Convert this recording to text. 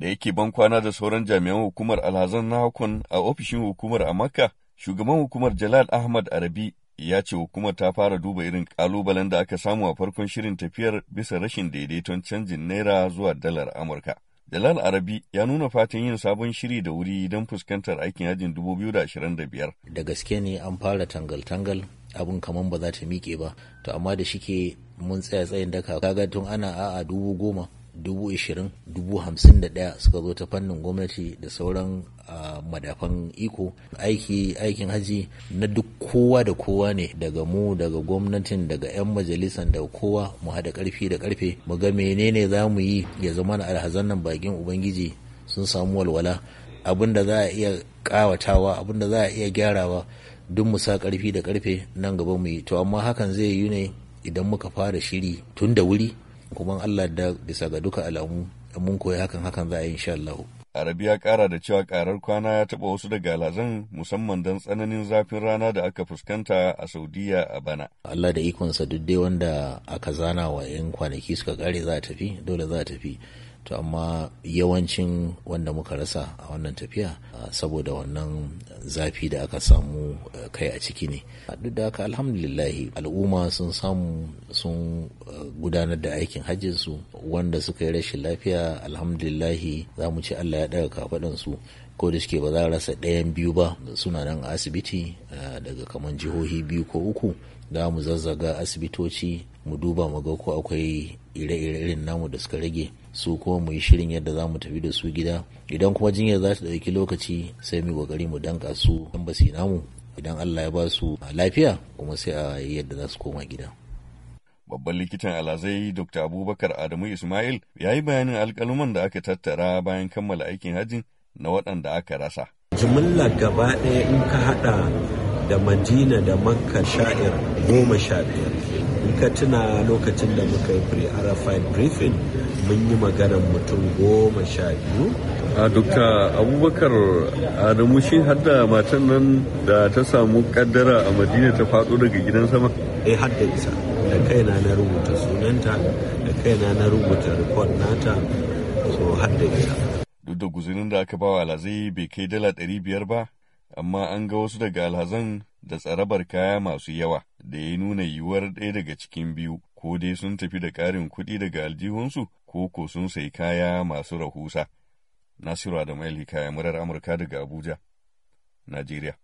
da yake ban kwana da sauran jami'an hukumar alhazan na hakon a ofishin hukumar a Makka, shugaban hukumar Jalal Ahmad Arabi ya ce hukumar ta fara duba irin kalubalen da aka samu a farkon shirin tafiyar bisa rashin daidaiton canjin naira zuwa dalar Amurka. Jalal Arabi ya nuna fatan yin sabon shiri da wuri don fuskantar aikin yajin 2025. Da da biyar. gaske ne an fara tangal-tangal abin kamar ba za ta miƙe ba, to amma da shike mun tsaya tsayin daka kaga tun ana a'a dubu goma dubu ishirin hamsin da ɗaya suka zo ta fannin gwamnati da sauran madafan iko aiki aikin haji na duk kowa da kowa ne daga mu daga gwamnatin daga 'yan majalisan da kowa mu haɗa ƙarfi da ƙarfe mu ga menene za mu yi ya zama na alhazan nan bakin ubangiji sun samu walwala abin da za a iya ƙawatawa abin da za a iya gyarawa duk mu sa ƙarfi da ƙarfe nan gaba mu yi to amma hakan zai yi ne idan muka fara shiri tun da wuri kuma Allah da bisa ga duka alamu mun koyi hakan hakan za a yi insha Allah Arabi ya kara da cewa karar kwana ya taɓa wasu daga alazan musamman don tsananin zafin rana da aka fuskanta a Saudiya a bana. Allah da ikonsa duk dai wanda aka zana wa 'yan kwanaki suka kare za a tafi dole za a tafi. to amma yawancin wanda muka rasa a wannan tafiya saboda wannan zafi da aka samu kai a ciki ne A duk da haka alhamdulillahi al'umma sun samu sun gudanar da aikin hajjinsu wanda suka yi rashin lafiya alhamdulillahi za mu ce allah ya daga kafaɗansu ko da suke ba za a rasa ɗayan biyu ba suna nan a asibiti daga kamar jihohi biyu ko uku da mu zazzaga asibitoci mu duba mu ga ko akwai ire-ire irin namu da suka rage su kuma mu yi shirin yadda za mu tafi da su gida idan kuma jinyar za ta ɗauki lokaci sai mu kokari mu danka su dan basi namu idan Allah ya ba su lafiya kuma sai a yi yadda za su koma gida babban likitan alazai dr abubakar adamu ismail ya yi bayanin alkaluman da aka tattara bayan kammala aikin hajji na waɗanda aka rasa jimilla gaba ɗaya in ka haɗa da madina da makka sha'ir goma sha biyar in ka tuna lokacin da muka yi pre-arafat briefing mun yi maganar mutum goma sha biyu a dukka abubakar adamu shi hadda matan nan da ta samu kaddara a madina ta faɗo daga gidan sama eh hadda isa da kaina na rubuta sunanta da kaina na rubuta report nata so hadda isa duk da guzinin da aka bawa alhazai bai kai dala ɗari biyar ba amma an ga wasu daga alhazan da tsarabar kaya masu yawa da ya nuna yiwuwar ɗaya daga cikin biyu ko dai sun tafi da ƙarin kuɗi daga aljihunsu ko ko sun sayi kaya masu rahusa. Nasiru Adamu kaya murar Amurka daga Abuja, Najeriya.